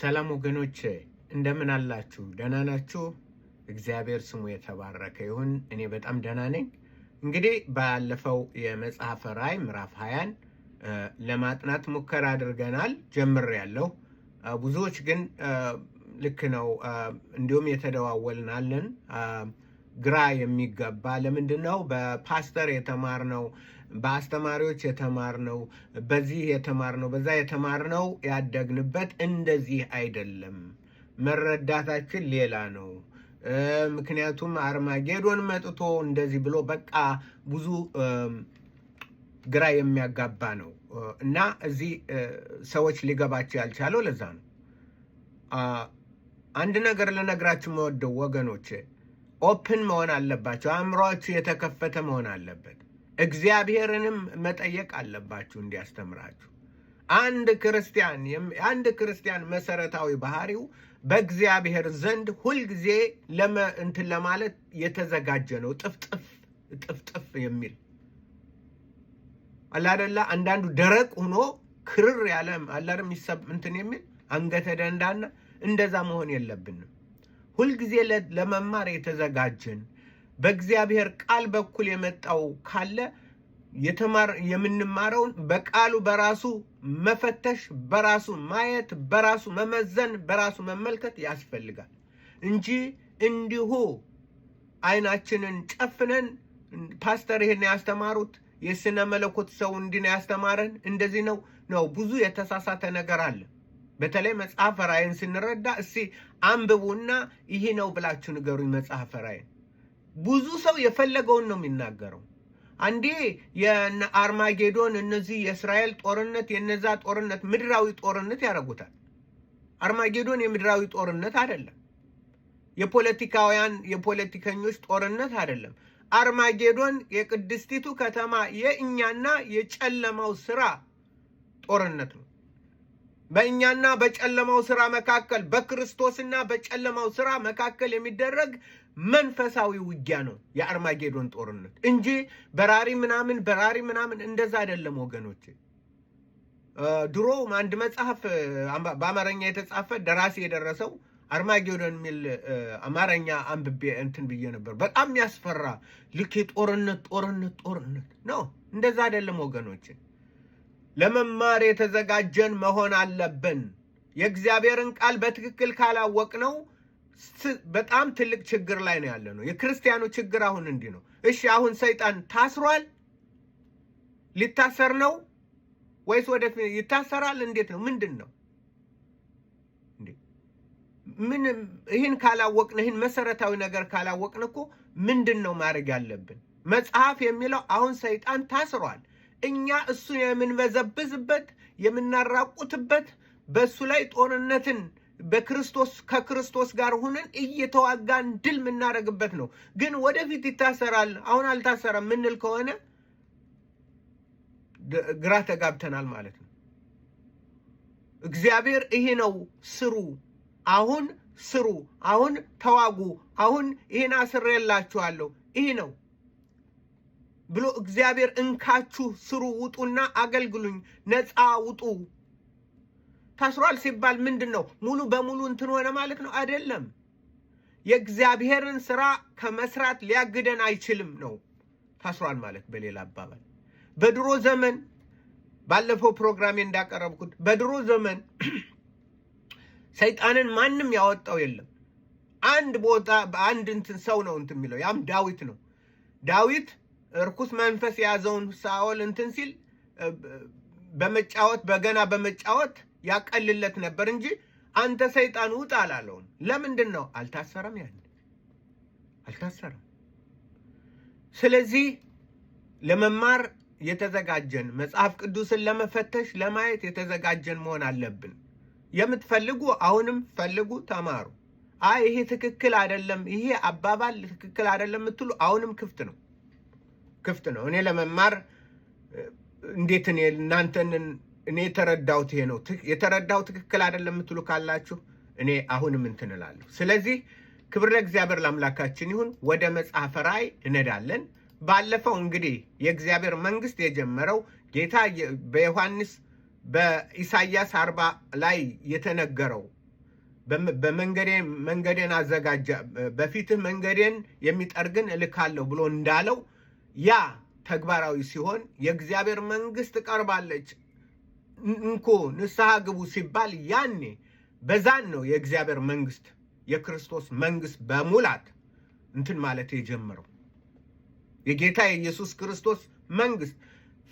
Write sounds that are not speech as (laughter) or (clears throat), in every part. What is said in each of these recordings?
ሰላም ወገኖች እንደምን አላችሁ? ደህና ናችሁ? እግዚአብሔር ስሙ የተባረከ ይሁን። እኔ በጣም ደህና ነኝ። እንግዲህ ባለፈው የመጽሐፈ ራዕይ ምዕራፍ ሀያን ለማጥናት ሙከራ አድርገናል። ጀምር ያለው ብዙዎች ግን ልክ ነው እንዲሁም የተደዋወልናለን ግራ የሚገባ ለምንድን ነው በፓስተር የተማርነው በአስተማሪዎች የተማርነው በዚህ የተማርነው በዛ የተማርነው ያደግንበት እንደዚህ አይደለም። መረዳታችን ሌላ ነው። ምክንያቱም አርማጌዶን መጥቶ እንደዚህ ብሎ በቃ ብዙ ግራ የሚያጋባ ነው እና እዚህ ሰዎች ሊገባቸው ያልቻለው ለዛ ነው። አንድ ነገር ልነግራችሁ የምወደው ወገኖቼ ኦፕን መሆን አለባቸው። አእምሯችሁ የተከፈተ መሆን አለበት። እግዚአብሔርንም መጠየቅ አለባችሁ እንዲያስተምራችሁ። አንድ ክርስቲያን አንድ ክርስቲያን መሰረታዊ ባህሪው በእግዚአብሔር ዘንድ ሁልጊዜ እንትን ለማለት የተዘጋጀ ነው። ጥፍጥፍ ጥፍጥፍ የሚል አላደላ አንዳንዱ ደረቅ ሆኖ ክርር ያለ አላደ ይሰብ እንትን የሚል አንገተ ደንዳና እንደዛ መሆን የለብንም። ሁልጊዜ ለመማር የተዘጋጀን በእግዚአብሔር ቃል በኩል የመጣው ካለ የምንማረውን በቃሉ በራሱ መፈተሽ፣ በራሱ ማየት፣ በራሱ መመዘን፣ በራሱ መመልከት ያስፈልጋል እንጂ እንዲሁ አይናችንን ጨፍነን ፓስተር ይህን ያስተማሩት የስነ መለኮት ሰው እንዲህ ነው ያስተማረን እንደዚህ ነው ነው ብዙ የተሳሳተ ነገር አለ። በተለይ መጽሐፈ ራእይን ስንረዳ እስቲ አንብቡና ይሄ ነው ብላችሁ ንገሩኝ መጽሐፈ ራእይን ብዙ ሰው የፈለገውን ነው የሚናገረው። አንዴ የአርማጌዶን እነዚህ የእስራኤል ጦርነት የነዛ ጦርነት ምድራዊ ጦርነት ያደርጉታል። አርማጌዶን የምድራዊ ጦርነት አይደለም። የፖለቲካውያን የፖለቲከኞች ጦርነት አይደለም። አርማጌዶን የቅድስቲቱ ከተማ የእኛና የጨለማው ስራ ጦርነት ነው። በእኛና በጨለማው ስራ መካከል፣ በክርስቶስና በጨለማው ስራ መካከል የሚደረግ መንፈሳዊ ውጊያ ነው የአርማጌዶን ጦርነት እንጂ በራሪ ምናምን በራሪ ምናምን እንደዛ አይደለም ወገኖች። ድሮም አንድ መጽሐፍ በአማርኛ የተጻፈ ደራሲ የደረሰው አርማጌዶን የሚል አማርኛ አንብቤ እንትን ብዬ ነበር። በጣም የሚያስፈራ ልክ የጦርነት ጦርነት ጦርነት ነው። እንደዛ አይደለም ወገኖች። ለመማር የተዘጋጀን መሆን አለብን። የእግዚአብሔርን ቃል በትክክል ካላወቅ ነው በጣም ትልቅ ችግር ላይ ነው ያለ ነው። የክርስቲያኑ ችግር አሁን እንዲህ ነው። እሺ አሁን ሰይጣን ታስሯል፣ ሊታሰር ነው ወይስ ወደፊት ይታሰራል? እንዴት ነው? ምንድን ነው? ምን ይህን ካላወቅን ይህን መሰረታዊ ነገር ካላወቅን እኮ ምንድን ነው ማድረግ ያለብን? መጽሐፍ የሚለው አሁን ሰይጣን ታስሯል። እኛ እሱን የምንበዘብዝበት የምናራቁትበት በእሱ ላይ ጦርነትን በክርስቶስ ከክርስቶስ ጋር ሆነን እየተዋጋን ድል የምናደርግበት ነው። ግን ወደፊት ይታሰራል፣ አሁን አልታሰረም ምንል ከሆነ ግራ ተጋብተናል ማለት ነው። እግዚአብሔር ይሄ ነው ስሩ፣ አሁን ስሩ፣ አሁን ተዋጉ፣ አሁን ይሄን አስሬላችኋለሁ፣ ይሄ ነው ብሎ እግዚአብሔር እንካችሁ ስሩ፣ ውጡና አገልግሉኝ፣ ነፃ ውጡ ታስሯል ሲባል ምንድን ነው ሙሉ በሙሉ እንትን ሆነ ማለት ነው አይደለም። የእግዚአብሔርን ስራ ከመስራት ሊያግደን አይችልም ነው ታስሯል ማለት በሌላ አባባል። በድሮ ዘመን ባለፈው ፕሮግራሜ እንዳቀረብኩት በድሮ ዘመን (clears throat) ሰይጣንን ማንም ያወጣው የለም። አንድ ቦታ በአንድ እንትን ሰው ነው እንትን የሚለው ያም ዳዊት ነው። ዳዊት እርኩስ መንፈስ የያዘውን ሳኦል እንትን ሲል በመጫወት በገና በመጫወት ያቀልለት ነበር እንጂ አንተ ሰይጣን ውጣ አላለውም። ለምንድን ነው አልታሰረም? ያን አልታሰረም። ስለዚህ ለመማር የተዘጋጀን መጽሐፍ ቅዱስን ለመፈተሽ ለማየት የተዘጋጀን መሆን አለብን። የምትፈልጉ አሁንም ፈልጉ፣ ተማሩ። አይ ይሄ ትክክል አይደለም፣ ይሄ አባባል ትክክል አይደለም የምትሉ አሁንም ክፍት ነው፣ ክፍት ነው። እኔ ለመማር እንዴት እኔ እናንተንን እኔ የተረዳሁት ይሄ ነው። የተረዳው ትክክል አይደለም የምትሉ ካላችሁ እኔ አሁንም እንትን እላለሁ። ስለዚህ ክብር ለእግዚአብሔር ለአምላካችን ይሁን። ወደ መጽሐፈ ራእይ እንሄዳለን። ባለፈው እንግዲህ የእግዚአብሔር መንግስት የጀመረው ጌታ በዮሐንስ በኢሳይያስ አርባ ላይ የተነገረው በመንገዴ መንገዴን አዘጋጀ በፊትህ መንገዴን የሚጠርግን እልካለሁ ብሎ እንዳለው ያ ተግባራዊ ሲሆን የእግዚአብሔር መንግስት ቀርባለች። እንኮ ንስሐ ግቡ ሲባል ያኔ በዛን ነው የእግዚአብሔር መንግስት የክርስቶስ መንግስት በሙላት እንትን ማለት የጀመረው የጌታ የኢየሱስ ክርስቶስ መንግስት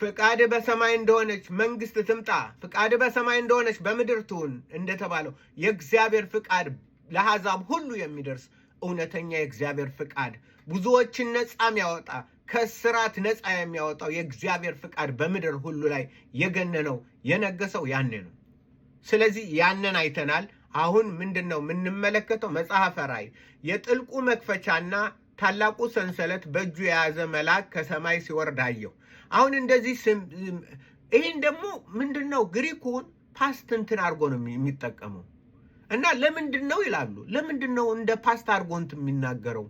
ፍቃድ በሰማይ እንደሆነች መንግስት ትምጣ፣ ፍቃድ በሰማይ እንደሆነች በምድር ትሁን እንደተባለው የእግዚአብሔር ፍቃድ ለአሕዛብ ሁሉ የሚደርስ እውነተኛ የእግዚአብሔር ፍቃድ ብዙዎችን ነፃ የሚያወጣ ከስራት ነፃ የሚያወጣው የእግዚአብሔር ፍቃድ በምድር ሁሉ ላይ የገነነው የነገሰው ያን ነው። ስለዚህ ያንን አይተናል። አሁን ምንድን ነው የምንመለከተው? መጽሐፈ ራእይ የጥልቁ መክፈቻና ታላቁ ሰንሰለት በእጁ የያዘ መልአክ ከሰማይ ሲወርድ አየሁ። አሁን እንደዚህ ይህን ደግሞ ምንድን ነው ግሪኩን ፓስት እንትን አድርጎ ነው የሚጠቀመው እና ለምንድን ነው ይላሉ። ለምንድን ነው እንደ ፓስት አድርጎ እንትን የሚናገረው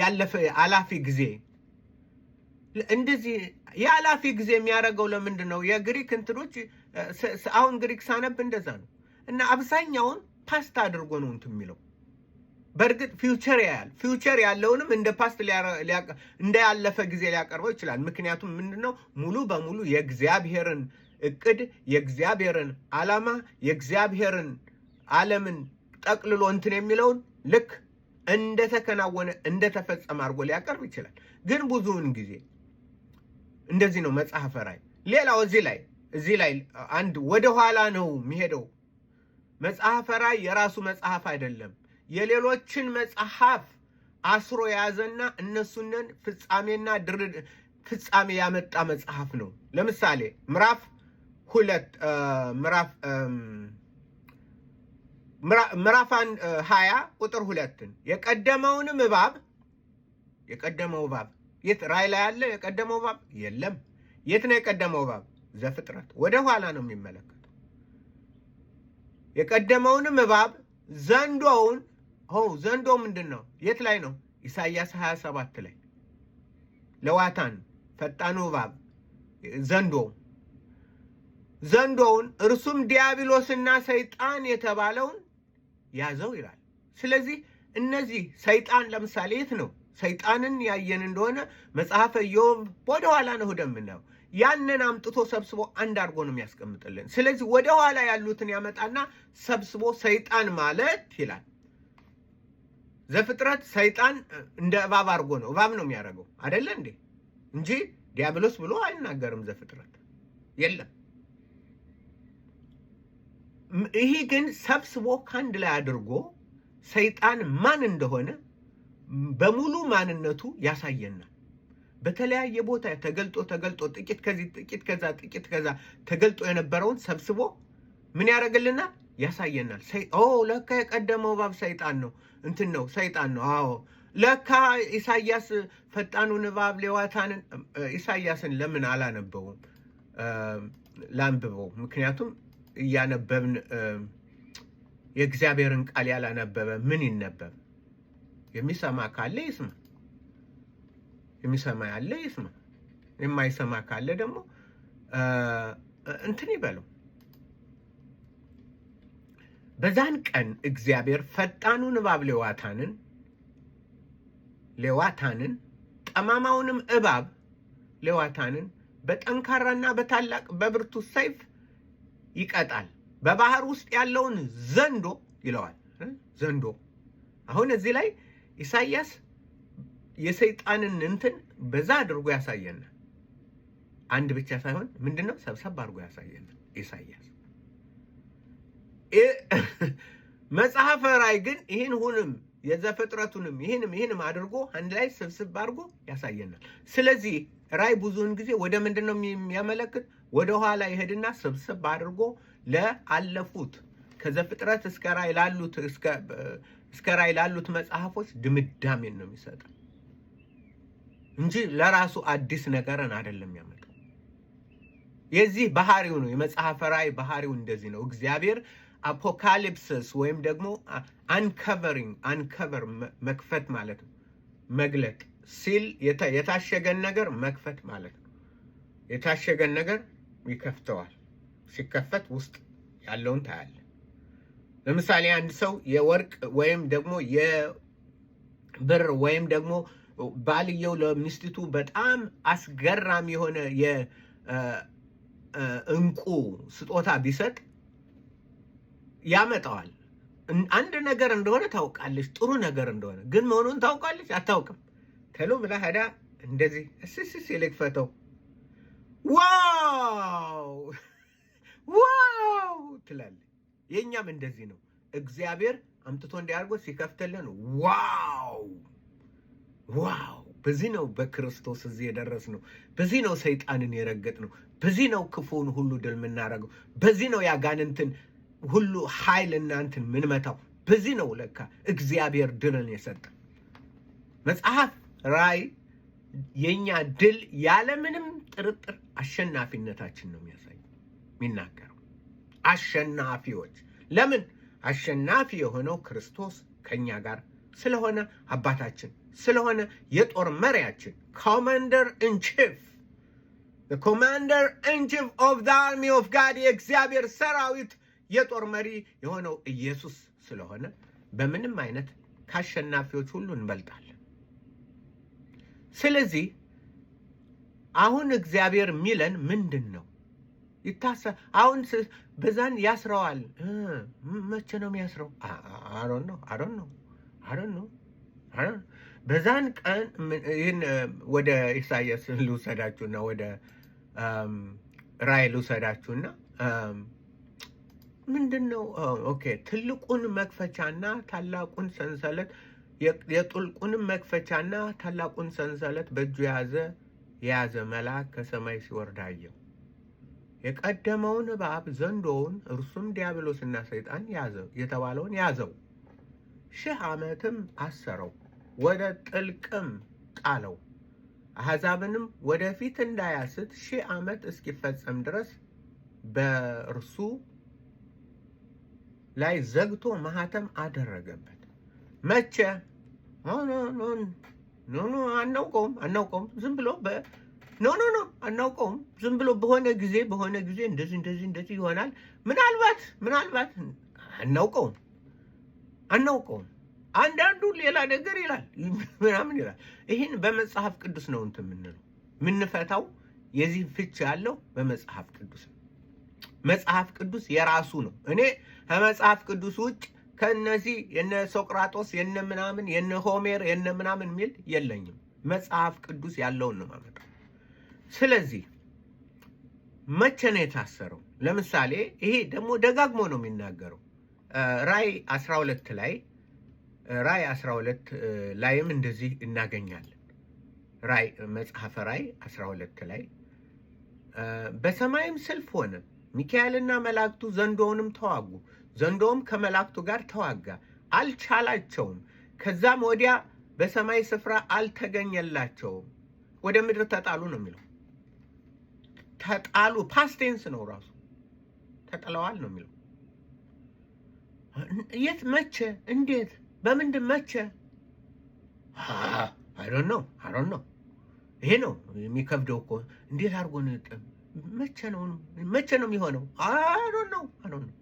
ያለፈ አላፊ ጊዜ እንደዚህ የአላፊ ጊዜ የሚያደርገው ለምንድን ነው? የግሪክ እንትኖች አሁን ግሪክ ሳነብ እንደዛ ነው። እና አብዛኛውን ፓስት አድርጎ ነው እንትን የሚለው በእርግጥ ፊውቸር ያያል። ፊውቸር ያለውንም እንደ ፓስት እንደ ያለፈ ጊዜ ሊያቀርበው ይችላል። ምክንያቱም ምንድን ነው ሙሉ በሙሉ የእግዚአብሔርን እቅድ የእግዚአብሔርን ዓላማ የእግዚአብሔርን ዓለምን ጠቅልሎ እንትን የሚለውን ልክ እንደተከናወነ እንደተፈጸመ አድርጎ ሊያቀርብ ይችላል። ግን ብዙውን ጊዜ እንደዚህ ነው መጽሐፈ ራእይ። ሌላው እዚህ ላይ እዚህ ላይ አንድ ወደ ኋላ ነው የሚሄደው። መጽሐፈ ራእይ የራሱ መጽሐፍ አይደለም፣ የሌሎችን መጽሐፍ አስሮ የያዘና እነሱንን ፍጻሜና ድርድ ፍጻሜ ያመጣ መጽሐፍ ነው። ለምሳሌ ምዕራፍ ሁለት ምዕራፍ ምዕራፋን ሀያ ቁጥር ሁለትን የቀደመውንም እባብ የቀደመው እባብ የት ራእይ ላይ አለ የቀደመው እባብ የለም የት ነው የቀደመው እባብ ዘፍጥረት ወደ ኋላ ነው የሚመለከተው የቀደመውንም እባብ ዘንዶውን ሆው ዘንዶ ምንድን ነው የት ላይ ነው ኢሳያስ 27 ላይ ለዋታን ፈጣኑ እባብ ዘንዶ ዘንዶውን እርሱም ዲያብሎስና ሰይጣን የተባለውን ያዘው ይላል። ስለዚህ እነዚህ ሰይጣን ለምሳሌ የት ነው ሰይጣንን ያየን እንደሆነ መጽሐፈ ኢዮብ ወደኋላ ነው ደምነው ያንን አምጥቶ ሰብስቦ አንድ አድርጎ ነው የሚያስቀምጥልን። ስለዚህ ወደኋላ ያሉትን ያመጣና ሰብስቦ ሰይጣን ማለት ይላል ዘፍጥረት ሰይጣን እንደ እባብ አድርጎ ነው እባብ ነው የሚያደርገው አደለ እንዴ እንጂ ዲያብሎስ ብሎ አይናገርም ዘፍጥረት የለም። ይህ ግን ሰብስቦ ከአንድ ላይ አድርጎ ሰይጣን ማን እንደሆነ በሙሉ ማንነቱ ያሳየናል። በተለያየ ቦታ ተገልጦ ተገልጦ ጥቂት ከዚህ ጥቂት ከዛ ጥቂት ከዛ ተገልጦ የነበረውን ሰብስቦ ምን ያደርግልናል? ያሳየናል። ለካ የቀደመው እባብ ሰይጣን ነው፣ እንትን ነው፣ ሰይጣን ነው። አዎ ለካ ኢሳያስ ፈጣኑን እባብ ሌዋታንን ኢሳያስን ለምን አላነበቡም? ላንብበው። ምክንያቱም እያነበብን የእግዚአብሔርን ቃል ያላነበበ ምን ይነበብ? የሚሰማ ካለ ይስማ፣ የሚሰማ ያለ ይስማ። የማይሰማ ካለ ደግሞ እንትን ይበለው። በዛን ቀን እግዚአብሔር ፈጣኑን እባብ ሌዋታንን ሌዋታንን ጠማማውንም እባብ ሌዋታንን በጠንካራና በታላቅ በብርቱ ሰይፍ ይቀጣል። በባህር ውስጥ ያለውን ዘንዶ ይለዋል። ዘንዶ አሁን እዚህ ላይ ኢሳያስ የሰይጣንን እንትን በዛ አድርጎ ያሳየናል። አንድ ብቻ ሳይሆን ምንድነው ሰብሰብ አድርጎ ያሳየን ኢሳያስ። መጽሐፈ ራዕይ ግን ይህን ሁንም የዘፍጥረቱንም ይህንም ይህንም አድርጎ አንድ ላይ ስብስብ አድርጎ ያሳየናል። ስለዚህ ራይ ብዙውን ጊዜ ወደ ምንድን ነው የሚያመለክት? ወደኋላ ይሄድና ስብስብ አድርጎ ለአለፉት ከዘፍጥረት እስከ ራዕይ ላሉት እስከ ራዕይ ላሉት መጽሐፎች ድምዳሜን ነው የሚሰጠው እንጂ ለራሱ አዲስ ነገርን አይደለም ያመጣው። የዚህ ባህሪው ነው። የመጽሐፈ ራይ ባህሪው እንደዚህ ነው። እግዚአብሔር አፖካሊፕስስ ወይም ደግሞ አንከቨሪንግ አንከቨር መክፈት ማለት ነው መግለጥ ሲል የታሸገን ነገር መክፈት ማለት ነው። የታሸገን ነገር ይከፍተዋል። ሲከፈት ውስጥ ያለውን ታያለ። ለምሳሌ አንድ ሰው የወርቅ ወይም ደግሞ የብር ወይም ደግሞ ባልየው ለሚስቲቱ በጣም አስገራሚ የሆነ የእንቁ ስጦታ ቢሰጥ ያመጣዋል። አንድ ነገር እንደሆነ ታውቃለች፣ ጥሩ ነገር እንደሆነ ግን መሆኑን ታውቃለች አታውቅም? ተሎ ብላ ሄዳ እንደዚህ እስስስ የለግፈተው ዋው (laughs) ዋው ትላለች። የእኛም እንደዚህ ነው። እግዚአብሔር አምጥቶ እንዲያርጎ ሲከፍትልን ዋው ዋው፣ በዚህ ነው በክርስቶስ እዚህ የደረስ ነው። በዚህ ነው ሰይጣንን የረገጥ ነው። በዚህ ነው ክፉን ሁሉ ድል የምናደርገው። በዚህ ነው ያጋንንትን ሁሉ ኃይል እናንትን ምንመታው። በዚህ ነው ለካ እግዚአብሔር ድልን የሰጠ መጽሐፍ ራይ የእኛ ድል ያለምንም ጥርጥር አሸናፊነታችን ነው የሚያሳይ የሚናገር አሸናፊዎች። ለምን? አሸናፊ የሆነው ክርስቶስ ከኛ ጋር ስለሆነ አባታችን ስለሆነ የጦር መሪያችን ኮማንደር ኢንቺፍ ኮማንደር ኢንቺፍ ኦፍ ዘ አርሚ ኦፍ ጋድ የእግዚአብሔር ሰራዊት የጦር መሪ የሆነው ኢየሱስ ስለሆነ በምንም አይነት ከአሸናፊዎች ሁሉ እንበልጣለን። ስለዚህ አሁን እግዚአብሔር ሚለን ምንድን ነው? ይታሰ አሁን በዛን ያስረዋል። መቼ ነው የሚያስረው? አሮን ነው አሮን ነው አሮን ነው አሮን በዛን ቀን ይህን ወደ ኢሳያስ ልውሰዳችሁና ወደ ራይ ልውሰዳችሁና ምንድን ነው ኦኬ፣ ትልቁን መክፈቻና ታላቁን ሰንሰለት የጥልቁንም መክፈቻና ታላቁን ሰንሰለት በእጁ የያዘ የያዘ መልአክ ከሰማይ ሲወርድ አየው። የቀደመውን እባብ ዘንዶውን እርሱም ዲያብሎስና ሰይጣን የተባለውን ያዘው፣ ሺህ ዓመትም አሰረው፣ ወደ ጥልቅም ጣለው። አሕዛብንም ወደፊት እንዳያስት ሺህ ዓመት እስኪፈጸም ድረስ በእርሱ ላይ ዘግቶ ማህተም አደረገበት። መቼ? ኖ ኖ ኖ አናውቀውም፣ አናውቀውም ዝም ብሎ ኖ ኖ ኖ አናውቀውም። ዝም ብሎ በሆነ ጊዜ በሆነ ጊዜ እንደዚህ እንደዚህ እንደዚህ ይሆናል። ምናልባት ምናልባት አናውቀውም አናውቀውም። አንዳንዱ ሌላ ነገር ይላል ምናምን ይላል። ይህን በመጽሐፍ ቅዱስ ነው እንትን የምንለው የምንፈታው። የዚህ ፍች ያለው በመጽሐፍ ቅዱስ ነው። መጽሐፍ ቅዱስ የራሱ ነው። እኔ ከመጽሐፍ ቅዱስ ውጭ ከእነዚህ የነ ሶቅራጦስ የነ ምናምን የነ ሆሜር የነ ምናምን የሚል የለኝም። መጽሐፍ ቅዱስ ያለውን ነው ማመጣው። ስለዚህ መቼ ነው የታሰረው? ለምሳሌ ይሄ ደግሞ ደጋግሞ ነው የሚናገረው ራይ 12 ላይ ራይ 12 ላይም እንደዚህ እናገኛለን። ራይ መጽሐፈ ራይ 12 ላይ በሰማይም ሰልፍ ሆነ፣ ሚካኤልና መላእክቱ ዘንዶውንም ተዋጉ፣ ዘንዶውም ከመላእክቱ ጋር ተዋጋ፣ አልቻላቸውም። ከዛም ወዲያ በሰማይ ስፍራ አልተገኘላቸውም፣ ወደ ምድር ተጣሉ ነው የሚለው ተጣሉ ፓስቴንስ ነው ራሱ ተጥለዋል ነው የሚለው። የት መቼ እንዴት በምንድን መቼ አይዶን ነው አይዶን ነው። ይሄ ነው የሚከብደው እኮ እንዴት አድርጎ መቼ ነው መቼ ነው የሚሆነው? አይዶን ነው አይዶን ነው።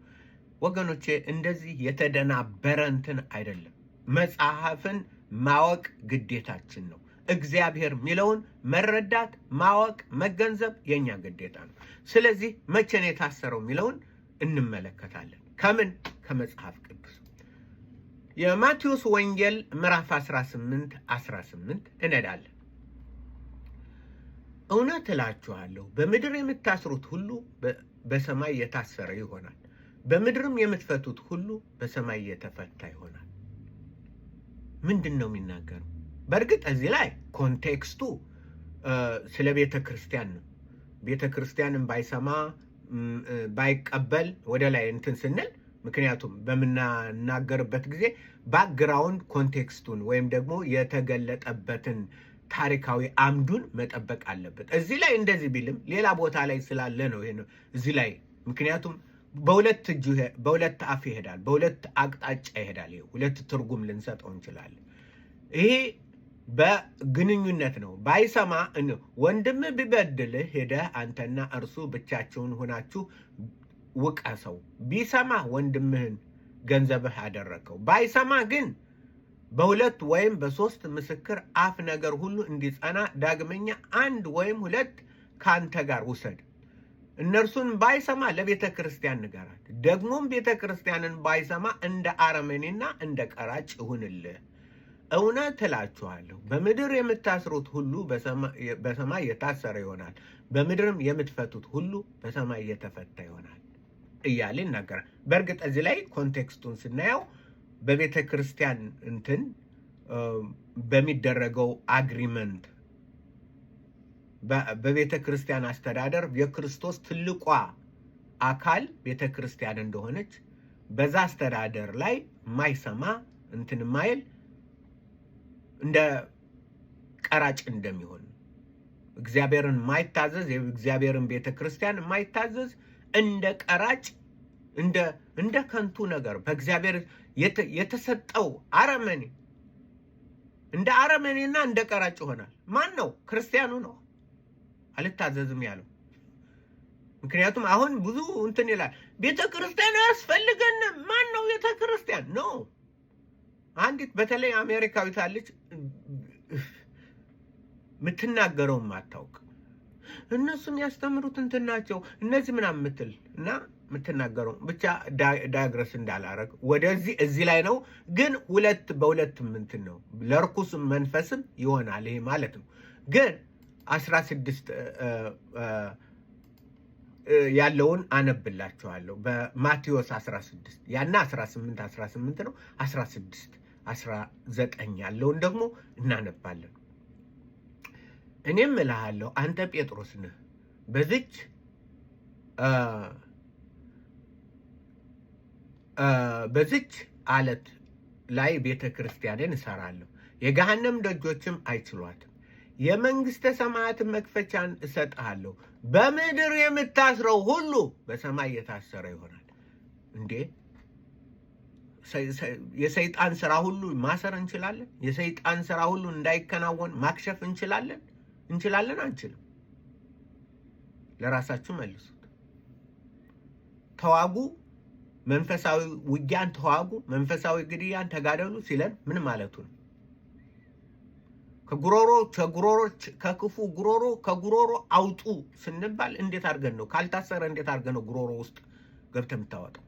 ወገኖቼ እንደዚህ የተደናበረ እንትን አይደለም። መጽሐፍን ማወቅ ግዴታችን ነው። እግዚአብሔር የሚለውን መረዳት፣ ማወቅ፣ መገንዘብ የእኛ ግዴታ ነው። ስለዚህ መቼ ነው የታሰረው የሚለውን እንመለከታለን። ከምን ከመጽሐፍ ቅዱስ የማቴዎስ ወንጌል ምዕራፍ 18 18 እንሄዳለን። እውነት እላችኋለሁ በምድር የምታስሩት ሁሉ በሰማይ የታሰረ ይሆናል፣ በምድርም የምትፈቱት ሁሉ በሰማይ የተፈታ ይሆናል። ምንድን ነው የሚናገረው? በእርግጥ እዚህ ላይ ኮንቴክስቱ ስለ ቤተ ክርስቲያን ነው። ቤተ ክርስቲያንን ባይሰማ ባይቀበል ወደ ላይ እንትን ስንል ምክንያቱም በምናናገርበት ጊዜ ባክግራውንድ ኮንቴክስቱን ወይም ደግሞ የተገለጠበትን ታሪካዊ አምዱን መጠበቅ አለበት። እዚህ ላይ እንደዚህ ቢልም ሌላ ቦታ ላይ ስላለ ነው ይሄ ነው እዚህ ላይ ምክንያቱም በሁለት እጁ በሁለት አፍ ይሄዳል፣ በሁለት አቅጣጫ ይሄዳል። ሁለት ትርጉም ልንሰጠው እንችላለን። ይሄ በግንኙነት ነው። ባይሰማ ወንድም ቢበድል ሄደህ አንተና እርሱ ብቻችሁን ሆናችሁ ውቀሰው። ቢሰማ ወንድምህን ገንዘብህ አደረከው ባይሰማ ግን በሁለት ወይም በሶስት ምስክር አፍ ነገር ሁሉ እንዲጸና ዳግመኛ አንድ ወይም ሁለት ከአንተ ጋር ውሰድ። እነርሱን ባይሰማ ለቤተ ክርስቲያን ንገራት። ደግሞም ቤተ ክርስቲያንን ባይሰማ እንደ አረመኔና እንደ ቀራጭ ይሁንልህ። እውነት እላችኋለሁ በምድር የምታስሩት ሁሉ በሰማይ የታሰረ ይሆናል፣ በምድርም የምትፈቱት ሁሉ በሰማይ የተፈታ ይሆናል እያለ ይናገራል። በእርግጥ እዚህ ላይ ኮንቴክስቱን ስናየው በቤተ ክርስቲያን እንትን በሚደረገው አግሪመንት በቤተ ክርስቲያን አስተዳደር የክርስቶስ ትልቋ አካል ቤተ ክርስቲያን እንደሆነች በዛ አስተዳደር ላይ ማይሰማ እንትን ማይል እንደ ቀራጭ እንደሚሆን እግዚአብሔርን ማይታዘዝ የእግዚአብሔርን ቤተ ክርስቲያን ማይታዘዝ እንደ ቀራጭ እንደ እንደ ከንቱ ነገር በእግዚአብሔር የተሰጠው አረመኔ እንደ አረመኔና እንደ ቀራጭ ይሆናል። ማን ነው? ክርስቲያኑ ነው አልታዘዝም ያለው። ምክንያቱም አሁን ብዙ እንትን ይላል ቤተ ክርስቲያን አያስፈልገንም። ማን ነው ቤተ ክርስቲያን ነው? አንዲት በተለይ አሜሪካዊት አለች የምትናገረው ማታውቅ እነሱም ያስተምሩት እንትን ናቸው እነዚህ ምናምን ምትል እና የምትናገረው ብቻ ዳያግረስ እንዳላረግ ወደዚህ እዚህ ላይ ነው። ግን ሁለት በሁለት ምንትን ነው ለርኩስ መንፈስም ይሆናል ይሄ ማለት ነው። ግን አስራ ስድስት ያለውን አነብላችኋለሁ በማቴዎስ 16 ያና 18 18 ነው 16 19 ያለውን ደግሞ እናነባለን። እኔም እልሃለሁ አንተ ጴጥሮስ ነህ፣ በዚች በዚች አለት ላይ ቤተ ክርስቲያንን እሰራለሁ፣ የገሃነም ደጆችም አይችሏትም። የመንግሥተ ሰማያት መክፈቻን እሰጥሃለሁ፣ በምድር የምታስረው ሁሉ በሰማይ የታሰረ ይሆናል። እንዴ የሰይጣን ስራ ሁሉ ማሰር እንችላለን። የሰይጣን ስራ ሁሉ እንዳይከናወን ማክሸፍ እንችላለን። እንችላለን አንችልም? ለራሳችሁ መልሱት። ተዋጉ፣ መንፈሳዊ ውጊያን ተዋጉ፣ መንፈሳዊ ግድያን ተጋደሉ ሲለን ምን ማለቱ ነው? ከጉሮሮ ከጉሮሮች ከክፉ ጉሮሮ ከጉሮሮ አውጡ ስንባል እንዴት አድርገን ነው? ካልታሰረ እንዴት አድርገን ነው ጉሮሮ ውስጥ ገብተህ የምታወጣው?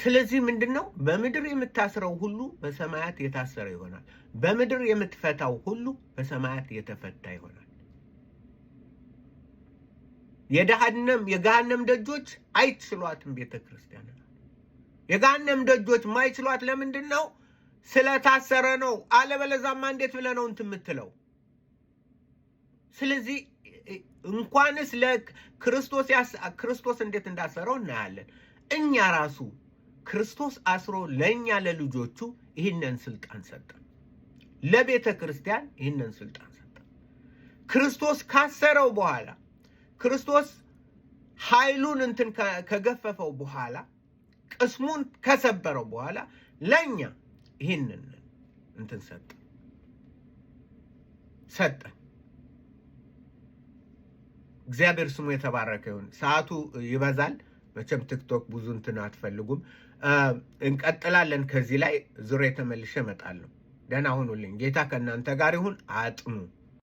ስለዚህ ምንድን ነው በምድር የምታስረው ሁሉ በሰማያት የታሰረ ይሆናል፣ በምድር የምትፈታው ሁሉ በሰማያት የተፈታ ይሆናል። የገሃነም የገሃነም ደጆች አይችሏትም ቤተ ክርስቲያን። የገሃነም ደጆች ማይችሏት ለምንድን ነው? ስለታሰረ ነው። አለበለዛማ እንዴት ብለህ ነው እንትን የምትለው? ስለዚህ እንኳንስ ለክርስቶስ ክርስቶስ እንዴት እንዳሰረው እናያለን እኛ ራሱ ክርስቶስ አስሮ ለእኛ ለልጆቹ ይህንን ስልጣን ሰጠ። ለቤተ ክርስቲያን ይህንን ስልጣን ሰጠ። ክርስቶስ ካሰረው በኋላ ክርስቶስ ኃይሉን እንትን ከገፈፈው በኋላ ቅስሙን ከሰበረው በኋላ ለእኛ ይህንን እንትን ሰጠ ሰጠ። እግዚአብሔር ስሙ የተባረከ ይሁን። ሰዓቱ ይበዛል። መቼም ቲክቶክ ብዙ እንትን አትፈልጉም። እንቀጥላለን። ከዚህ ላይ ዙሬ ተመልሼ እመጣለሁ። ደህና ሁኑልኝ። ጌታ ከእናንተ ጋር ይሁን። አጥኑ።